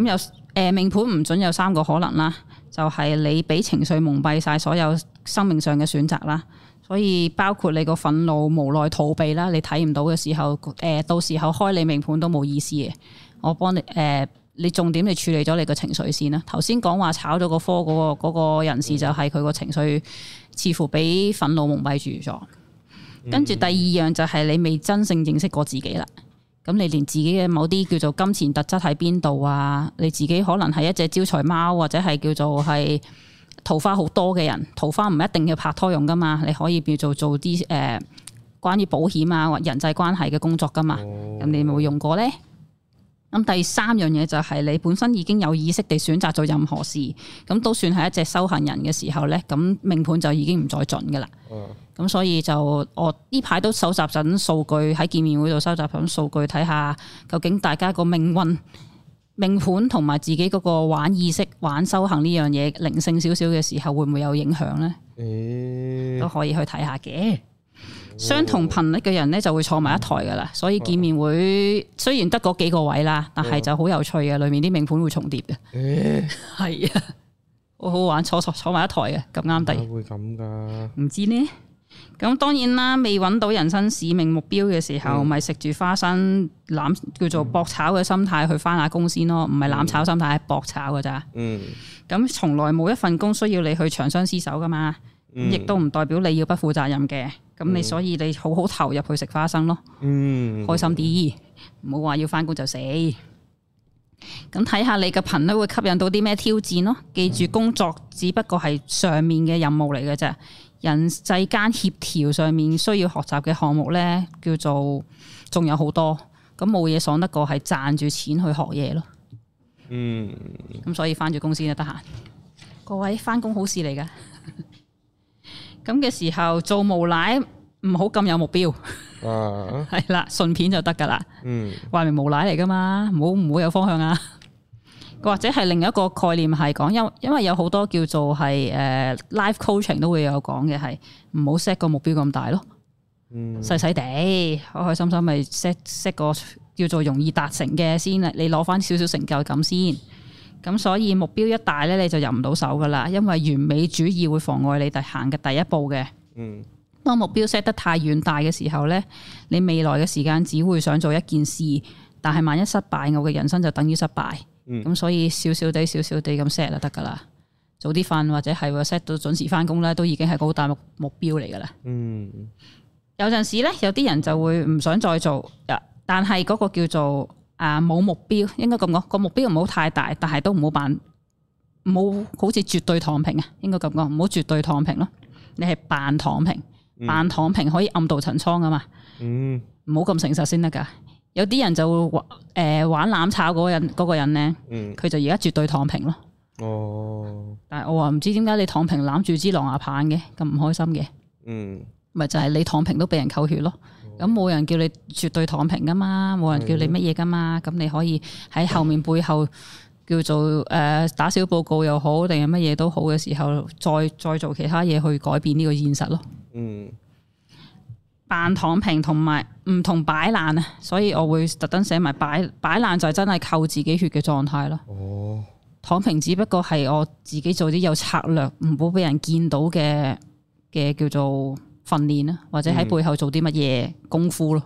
嗯、有誒、呃、命盤唔準有三個可能啦，就係、是、你俾情緒蒙蔽晒所有。生命上嘅選擇啦，所以包括你個憤怒、無奈、逃避啦，你睇唔到嘅時候，誒、呃、到時候開你命盤都冇意思嘅。我幫你誒、呃，你重點你處理咗你個情緒先啦。頭先講話炒咗個科嗰個人士就係佢個情緒似乎俾憤怒蒙蔽住咗。跟住第二樣就係你未真正認識過自己啦。咁你連自己嘅某啲叫做金錢特質喺邊度啊？你自己可能係一隻招財貓或者係叫做係。桃花好多嘅人，桃花唔一定要拍拖用㗎嘛，你可以叫做做啲誒關於保險啊或人際關係嘅工作㗎嘛，咁你冇用過咧？咁第三樣嘢就係你本身已經有意識地選擇做任何事，咁都算係一隻修行人嘅時候咧，咁命盤就已經唔再準㗎喇。咁、oh. 所以就我呢排都收集緊數據，喺見面會度收集緊數據，睇下究竟大家個命運。命盤同埋自己嗰個玩意識、玩修行呢樣嘢，靈性少少嘅時候，會唔會有影響呢？都可以去睇下嘅。相同頻率嘅人咧，就會坐埋一台噶啦。所以見面會雖然得嗰幾個位啦，但係就好有趣嘅。裏面啲命盤會重疊嘅，係啊、欸，好 (laughs) 好玩，坐坐坐埋一台嘅，咁啱地唔知咧。咁當然啦，未揾到人生使命目標嘅時候，咪食住花生攬叫做搏炒嘅心態去翻下工先咯，唔係攬炒心態，係搏炒嘅咋。咁從、嗯、來冇一份工需要你去長相廝守噶嘛，嗯、亦都唔代表你要不負責任嘅。咁、嗯、你所以你好好投入去食花生咯，嗯，開心啲，唔好話要翻工就死。咁睇下你嘅頻率會吸引到啲咩挑戰咯。記住，工作只不過係上面嘅任務嚟嘅啫。人際間協調上面需要學習嘅項目呢，叫做仲有好多，咁冇嘢爽得過係賺住錢去學嘢咯。嗯，咁所以翻咗公司就得閒，各位翻工好事嚟噶。咁 (laughs) 嘅時候做無賴唔好咁有目標，係 (laughs) 啦，啊，順 (laughs) 便就得噶啦。嗯，話明無賴嚟噶嘛，唔好唔會有方向啊。或者係另一個概念係講，因因為有好多叫做係誒、uh, life coaching 都會有講嘅係唔好 set 個目標咁大咯，嗯、細細地開開心心咪 set set 個叫做容易達成嘅先。你攞翻少少成就咁先咁，所以目標一大咧你就入唔到手噶啦，因為完美主義會妨礙你哋行嘅第一步嘅。嗯、當目標 set 得太遠大嘅時候咧，你未來嘅時間只會想做一件事，但係萬一失敗，我嘅人生就等於失敗。咁所以少少地少少地咁 set 就得噶啦，早啲瞓或者係會 set 到準時翻工咧，都已經係好大目目標嚟噶啦。嗯，有陣時咧，有啲人就會唔想再做，但係嗰個叫做啊冇目標，應該咁講，個目標唔好太大，但係都唔好扮冇，好似絕對躺平啊，應該咁講，唔好絕對躺平咯。你係扮躺平，扮躺平可以暗度陳倉㗎嘛。嗯，唔好咁誠實先得㗎。有啲人就會玩、呃、玩攬炒嗰個人嗰、嗰個、人咧，佢、嗯、就而家絕對躺平咯。哦！但係我話唔知點解你躺平攬住支狼牙棒嘅咁唔開心嘅。嗯。咪就係你躺平都畀人扣血咯。咁冇、哦、人叫你絕對躺平噶嘛，冇人叫你乜嘢噶嘛。咁、嗯、你可以喺後面背後叫做誒、呃、打小報告又好，定係乜嘢都好嘅時候，再再做其他嘢去改變呢個現實現咯。嗯。扮躺平同埋唔同擺爛啊，所以我會特登寫埋擺擺爛就係真係扣自己血嘅狀態咯。哦，躺平只不過係我自己做啲有策略，唔好俾人見到嘅嘅叫做訓練啊，或者喺背後做啲乜嘢功夫咯。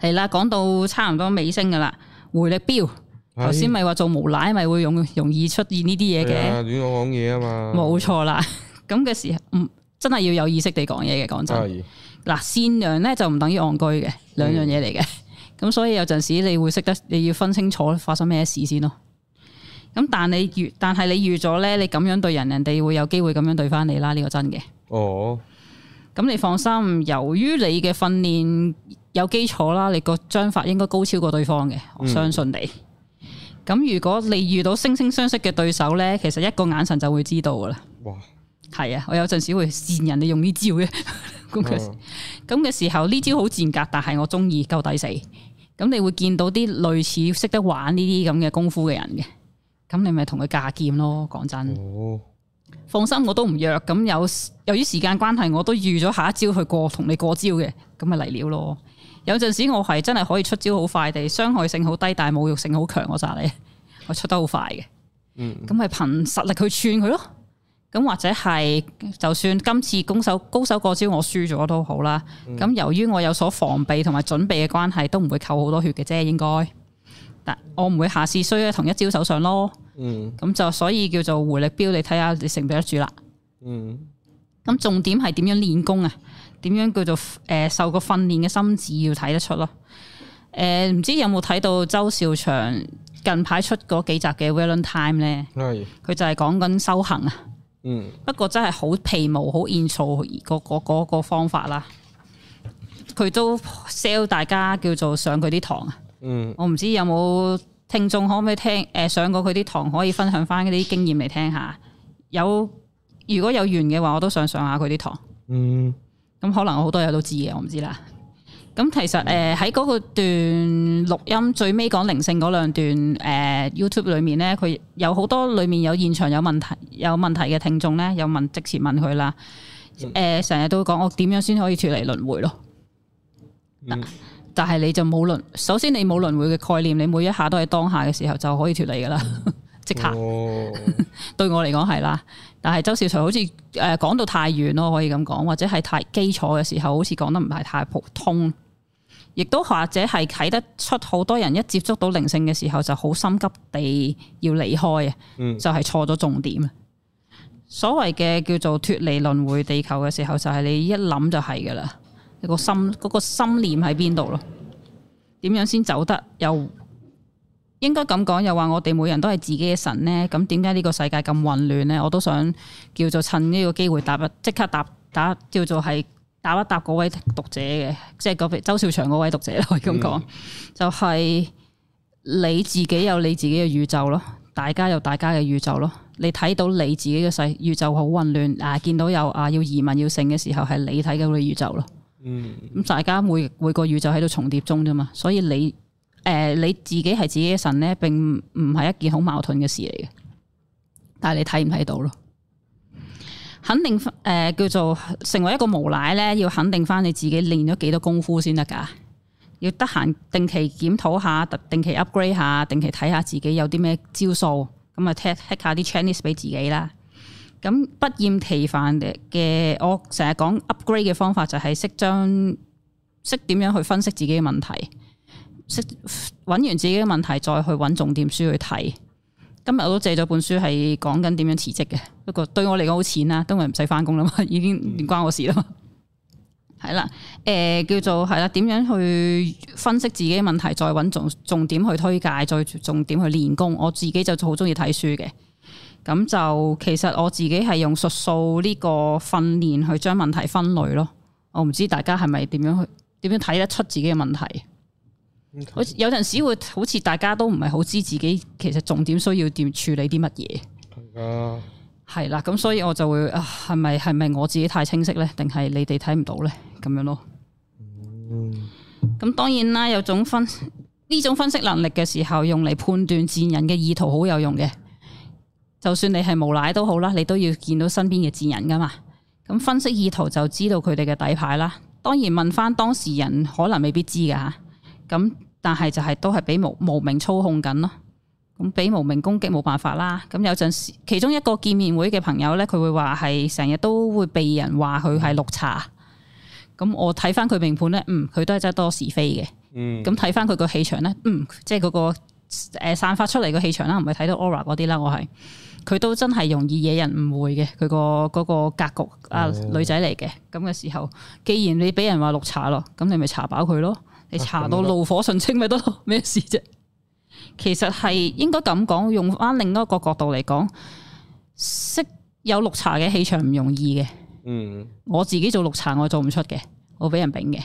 係啦、嗯，講到差唔多尾聲噶啦，回力標頭先咪話做無賴咪會容容易出現呢啲嘢嘅。亂我講嘢啊嘛。冇錯啦，咁嘅時候唔真係要有意識地講嘢嘅，講真。嗱，善良咧就唔等於戇居嘅，兩樣嘢嚟嘅。咁 (laughs) 所以有陣時你會識得你要分清楚發生咩事先咯。咁但你預但係你預咗咧，你咁樣對人，人哋會有機會咁樣對翻你啦。呢、這個真嘅。哦。咁你放心，由於你嘅訓練有基礎啦，你個章法應該高超過對方嘅，我相信你。咁、嗯、如果你遇到惺惺相惜嘅對手咧，其實一個眼神就會知道噶啦。哇！係啊，我有陣時會善人，你用呢招嘅。 (laughs) 咁嘅、嗯、時候，候呢招好賤格，但係我中意夠抵死。咁你會見到啲類似識得玩呢啲咁嘅功夫嘅人嘅，咁你咪同佢架劍咯。講真，哦、放心我都唔弱。咁有由於時間關係，我都預咗下一招去過同你過招嘅，咁咪嚟料咯。有陣時我係真係可以出招好快地，傷害性好低，但係侮辱性好強。我殺你，我出得好快嘅。嗯，咁咪憑實力去串佢咯。嗯咁或者係就算今次攻守高手過招，我輸咗都好啦。咁、嗯、由於我有所防備同埋準備嘅關係，都唔會扣好多血嘅啫。應該，但我唔會下次衰喺同一招手上咯。嗯，咁就所以叫做回力標，你睇下你承唔得住啦。嗯，咁重點係點樣練功啊？點樣叫做誒、呃、受過訓練嘅心智要睇得出咯？誒、呃、唔知有冇睇到周兆祥近排出嗰幾集嘅 Valentime 咧？係佢的就係講緊修行啊。嗯，不過真係好皮毛、好現數嗰個嗰個方法啦。佢都 sell 大家叫做上佢啲堂啊。嗯，我唔知有冇聽眾可唔可以聽誒、呃、上過佢啲堂，可以分享返嗰啲經驗嚟聽下。有如果有緣嘅話，我都想上下佢啲堂。嗯，咁可能好多嘢都知嘅，我唔知啦。咁其實誒喺嗰個段錄音最尾講靈性嗰兩段誒 YouTube 裡面咧，佢有好多裡面有現場有問題有問題嘅聽眾咧，有問即時問佢啦。誒成日都講我點樣先可以脱離輪迴咯？嗯、但係你就冇輪，首先你冇輪迴嘅概念，你每一下都係當下嘅時候就可以脱離噶啦，即、嗯、刻。哦、 (laughs) 對我嚟講係啦，但係周兆祥好似誒講到太遠咯，可以咁講，或者係太基礎嘅時候，好似講得唔係太普通。亦都或者係睇得出，好多人一接觸到靈性嘅時候，就好心急地要離開啊！嗯、就係錯咗重點啊！所謂嘅叫做脫離輪迴地球嘅時候，就係、是、你一諗就係噶啦，你、那個心、嗰個心念喺邊度咯？點樣先走得又應該咁講？又話我哋每人都係自己嘅神呢？咁點解呢個世界咁混亂呢？我都想叫做趁呢個機會答一即刻答，即刻答打叫做係。答一答嗰位讀者嘅，即係嗰位周兆祥嗰位讀者嚟咁講，就係、是、你自己有你自己嘅宇宙咯，大家有大家嘅宇宙咯。你睇到你自己嘅世宇宙好混亂，啊見到有啊要移民要成嘅時候，係你睇到嘅宇宙咯。咁、嗯、大家每每個宇宙喺度重疊中啫嘛，所以你誒、呃、你自己係自己嘅神咧，並唔係一件好矛盾嘅事嚟嘅，但係你睇唔睇到咯？肯定誒、呃、叫做成為一個無賴咧，要肯定翻你自己練咗幾多功夫先得㗎。要得閒定期檢討下，定期 upgrade 下，定期睇下自己有啲咩招數，咁啊 take 下啲 Chinese 俾自己啦。咁不厭其煩嘅，我成日講 upgrade 嘅方法就係識將識點樣去分析自己嘅問題，識揾完自己嘅問題再去揾重點書去睇。今日我都借咗本書，係講緊點樣辭職嘅。不過對我嚟講好淺啦，今日唔使翻工啦嘛，已經唔關我事啦嘛。係啦、嗯，誒、呃，叫做係啦，點樣去分析自己嘅問題，再揾重重點去推介，再重點去練功。我自己就好中意睇書嘅，咁就其實我自己係用術數呢個訓練去將問題分類咯。我唔知大家係咪點樣去點樣睇得出自己嘅問題。好似有陣時會好似大家都唔係好知自己其實重點需要點處理啲乜嘢，係啦的，咁所以我就會係咪係咪我自己太清晰呢？定係你哋睇唔到呢？咁樣咯？咁、嗯、當然啦，有種分呢種分析能力嘅時候，用嚟判斷賤人嘅意圖好有用嘅。就算你係無賴都好啦，你都要見到身邊嘅賤人噶嘛。咁分析意圖就知道佢哋嘅底牌啦。當然問翻當事人，可能未必知噶吓。咁，但係就係都係俾無無名操控緊咯，咁俾無名攻擊冇辦法啦。咁有陣時，其中一個見面會嘅朋友咧，佢會話係成日都會被人話佢係綠茶。咁我睇翻佢命盤咧，嗯，佢都係真係多是非嘅。嗯，咁睇翻佢個氣場咧，嗯，即係嗰個誒散發出嚟嘅氣場啦，唔係睇到 Aura 嗰啲啦。我係佢都真係容易惹人誤會嘅，佢個個格局啊女仔嚟嘅。咁嘅時候，既然你俾人話綠茶咯，咁你咪查飽佢咯。你查到爐火純青咪得咯？咩事啫？其實係應該咁講，用翻另一個角度嚟講，識有綠茶嘅氣場唔容易嘅。嗯，我自己做綠茶我做唔出嘅，我俾人摒嘅。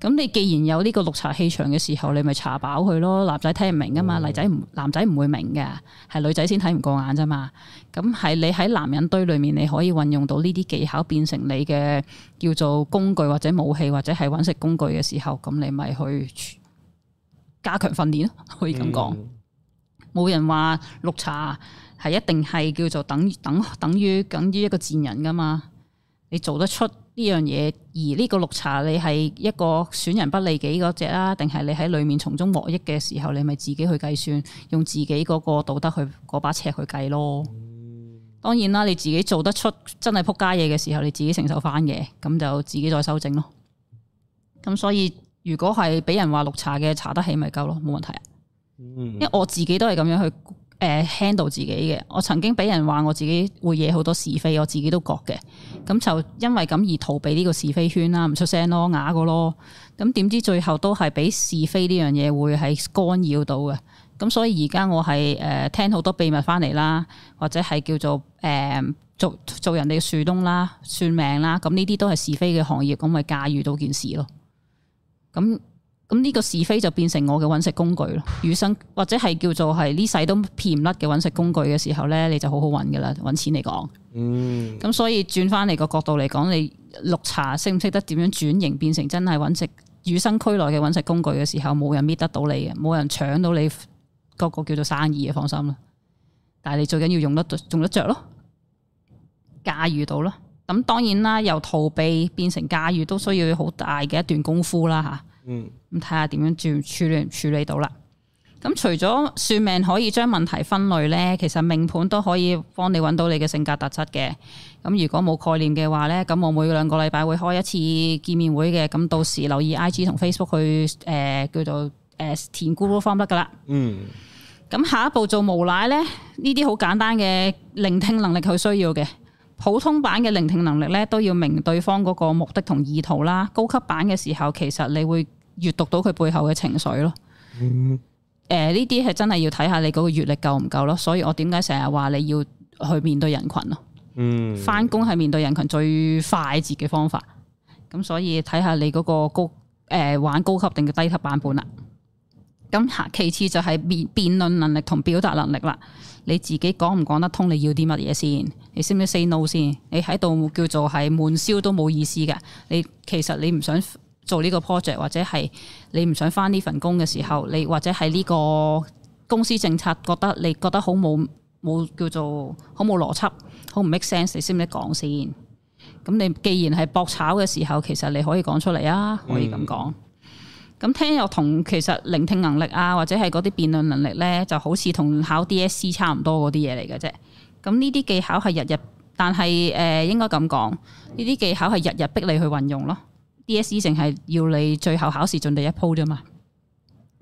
咁你既然有呢個綠茶氣場嘅時候，你咪查飽佢咯。男仔睇唔明噶嘛，女仔唔男仔唔會明嘅，係女仔先睇唔過眼啫嘛。咁係你喺男人堆裏面，你可以運用到呢啲技巧，變成你嘅叫做工具或者武器或者係揾食工具嘅時候，咁你咪去加強訓練咯。可以咁講，冇、嗯、人話綠茶係一定係叫做等等等於等於一個賤人噶嘛，你做得出。呢樣嘢，而呢個綠茶你係一個損人不利己嗰隻啊，定係你喺裡面從中獲益嘅時候，你咪自己去計算，用自己嗰個道德去嗰把尺去計咯。當然啦，你自己做得出真係撲街嘢嘅時候，你自己承受翻嘅，咁就自己再修正咯。咁所以如果係俾人話綠茶嘅，查得起咪夠咯，冇問題啊。因為我自己都係咁樣去。誒、uh, handle 自己嘅，我曾經俾人話我自己會惹好多是非，我自己都覺嘅。咁就因為咁而逃避呢個是非圈啦，啊，唔出聲咯，啞個咯。咁點知最後都係俾是非呢樣嘢會係干擾到嘅。咁所以而家我係誒、呃、聽好多秘密翻嚟啦，或者係叫做誒、呃、做做人哋嘅樹洞啦，算命啦。咁呢啲都係是、是非嘅行業，咁咪駕馭到件事咯。咁。咁呢個是非就變成我嘅揾食工具咯，與生或者係叫做係呢世都騙唔甩嘅揾食工具嘅時候呢，你就好好揾㗎啦，揾錢嚟講。嗯。咁、嗯、所以轉翻嚟個角度嚟講，你綠茶識唔識得點樣轉型變成真係揾食，與生俱來嘅揾食工具嘅時候，冇人搣得到你嘅，冇人搶到你，嗰個叫做生意嘅，放心啦。但係你最緊要用得得，用得着咯，駕馭到咯。咁、嗯、當然啦，由逃避變成駕馭，都需要好大嘅一段功夫啦嚇。嗯，咁睇下點樣處處理處理到啦。咁除咗算命可以將問題分類呢？其實命盤都可以幫你揾到你嘅性格特質嘅。咁如果冇概念嘅話呢，咁我每兩個禮拜會開一次見面會嘅。咁到時留意 I G 同 Facebook 去誒、呃，叫做誒填 Google Form 得噶啦。嗯。咁下一步做無賴呢？呢啲好簡單嘅聆聽能力佢需要嘅。普通版嘅聆聽能力呢，都要明對方嗰個目的同意圖啦。高級版嘅時候，其實你會。閱讀到佢背後嘅情緒咯，誒呢啲係真係要睇下你嗰個閱歷夠唔夠咯，所以我點解成日話你要去面對人群咯，嗯，翻工係面對人群最快捷嘅方法，咁所以睇下你嗰個高誒、呃、玩高級定嘅低級版本啦，咁下其次就係辯辯論能力同表達能力啦，你自己講唔講得通你，你要啲乜嘢先，你知唔知 say no 先，你喺度叫做係悶燒都冇意思嘅，你其實你唔想。做呢個 project 或者係你唔想返呢份工嘅時候，你或者係呢個公司政策覺得你覺得好冇冇叫做好冇邏輯，好唔 make sense，你識唔識講先？咁你既然係博炒嘅時候，其實你可以講出嚟啊，可以咁講。咁、嗯、聽又同其實聆聽能力啊，或者係嗰啲辯論能力咧，就好似同考 DSE 差唔多嗰啲嘢嚟嘅啫。咁呢啲技巧係日日，但係誒、呃、應該咁講，呢啲技巧係日日逼你去運用咯。D.S.E. 淨係要你最後考試進第一鋪啫嘛，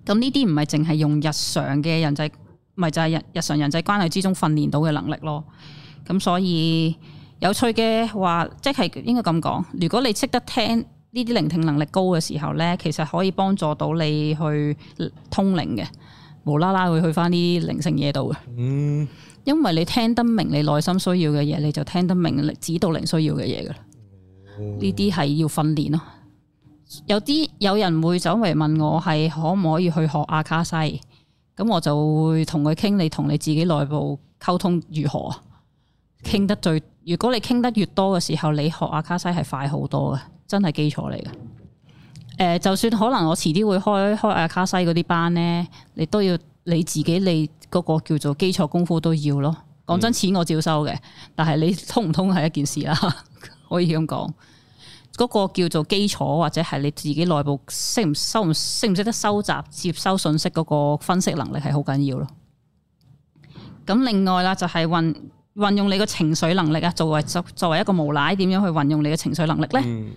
咁呢啲唔係淨係用日常嘅人際，唔係就係日日常人際關係之中訓練到嘅能力咯。咁所以有趣嘅話，即係應該咁講，如果你識得聽呢啲聆聽能力高嘅時候呢，其實可以幫助到你去通靈嘅，無啦啦會去翻啲靈性嘢度嘅。嗯，因為你聽得明你內心需要嘅嘢，你就聽得明指導靈需要嘅嘢噶啦。呢啲係要訓練咯。有啲有人會走嚟問我係可唔可以去學阿卡西，咁我就會同佢傾，你同你自己內部溝通如何啊？傾得最，如果你傾得越多嘅時候，你學阿卡西係快好多嘅，真係基礎嚟嘅。誒、呃，就算可能我遲啲會開開阿卡西嗰啲班呢，你都要你自己你嗰個叫做基礎功夫都要咯。講真，錢我照收嘅，但係你通唔通係一件事啦、啊， (laughs) 可以咁講。嗰個叫做基礎，或者係你自己內部識唔收唔識唔識得收集，識唔識得收集接收信息嗰個分析能力係好緊要咯。咁另外啦，就係運運用你個情緒能力啊，作為作作為一個無賴，點樣去運用你嘅情緒能力咧？嗯、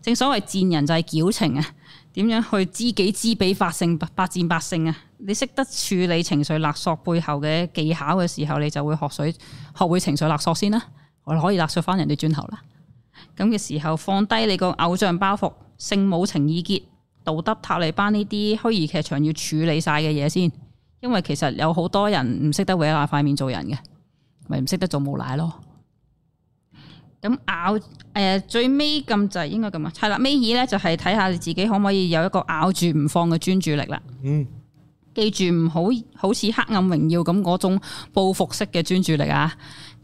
正所謂賤人就係矯情啊，點樣去知己知彼，百勝百戰百勝啊！你識得處理情緒勒索背後嘅技巧嘅時候，你就會學水學會情緒勒索先啦、啊，我哋可以勒索翻人哋轉頭啦。咁嘅時候，放低你個偶像包袱、聖母情意結、道德塔利班呢啲虛擬劇場要處理晒嘅嘢先，因為其實有好多人唔識得歪下塊面做人嘅，咪唔識得做無賴咯。咁咬誒、呃，最尾咁就應該咁啊，係啦。尾二咧就係睇下你自己可唔可以有一個咬住唔放嘅專注力啦。嗯，記住唔好好似黑暗榮耀咁嗰種報復式嘅專注力啊，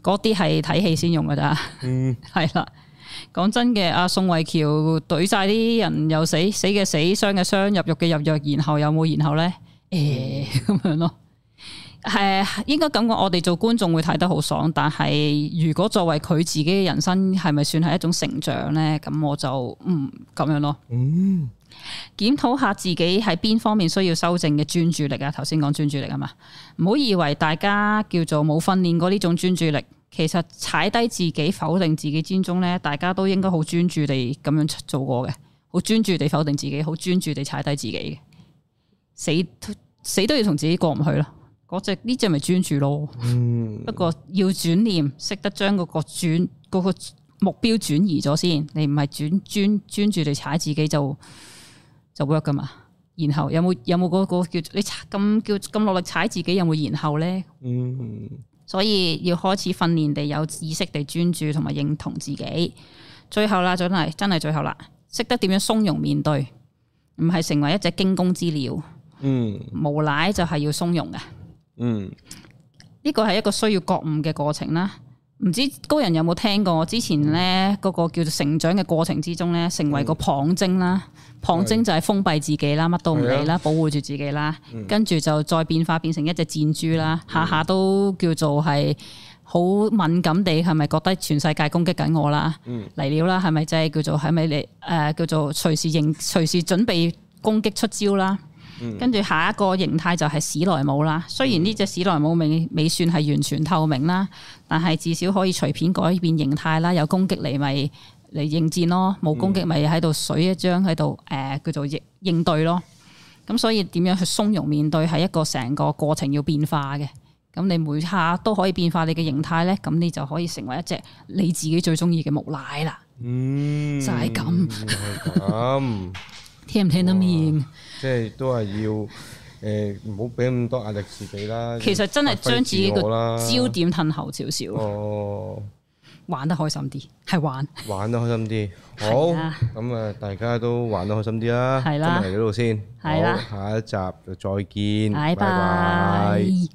嗰啲係睇戲先用噶咋。嗯，係啦。 (laughs) 講真嘅，阿、啊、宋慧喬懟晒啲人又死，死嘅死，傷嘅傷，入獄嘅入獄，然後有冇然後呢？誒、欸，咁樣咯，誒，應該感覺，我哋做觀眾會睇得好爽，但係如果作為佢自己嘅人生，係咪算係一種成長呢？咁我就唔咁、嗯、樣咯。嗯，檢討下自己喺邊方面需要修正嘅專注力啊！頭先講專注力啊嘛，唔好以為大家叫做冇訓練過呢種專注力。其實踩低自己，否定自己之中咧，大家都應該好專注地咁樣做過嘅，好專注地否定自己，好專注地踩低自己，死死都要同自己過唔去啦。嗰隻呢隻咪專注咯。嗯、不過要轉念，識得將嗰個轉，嗰個目標轉移咗先。你唔係轉專專注地踩自己就就 work 噶嘛？然後有冇有冇嗰，嗰個嗰個叫你咁叫咁落力踩自己，有冇然後咧？嗯，嗯。所以要開始訓練地，地有意識地專注同埋認同自己。最後啦，仲係真係最後啦，識得點樣鬆容面對，唔係成為一隻驚弓之鳥。嗯，無賴就係要鬆容嘅。嗯，呢個係一個需要覺悟嘅過程啦。唔知高人有冇聽過我之前咧嗰個叫做成長嘅過程之中咧，成為個蚌精啦，嗯、蚌精就係封閉自己啦，乜都唔理啦，的保護住自己啦，跟住、嗯、就再變化變成一隻箭豬啦，下下、嗯、都叫做係好敏感地係咪覺得全世界攻擊緊我啦？嚟、嗯、了啦，係咪即係叫做係咪你誒叫做隨時應隨時準備攻擊出招啦？跟住下一個形態就係史萊姆啦，雖然呢隻史萊姆未未算係完全透明啦，但係至少可以隨便改變形態啦，有攻擊嚟咪嚟應戰咯，冇攻擊咪喺度水一張喺度，誒、呃、叫做應應對咯。咁、嗯、所以點樣去松容面對係一個成個過程要變化嘅。咁你每下都可以變化你嘅形態咧，咁你就可以成為一隻你自己最中意嘅無賴啦。嗯，就係咁，咁 (laughs) 聽唔聽得明？即係都係要誒，唔好俾咁多壓力自己啦。其實真係將自己個焦點褪後少少。哦，玩得開心啲，係玩。玩得開心啲，好咁啊！大家都玩得開心啲啦。係啦，咁嚟到先。係啦，下一集就再見，拜拜。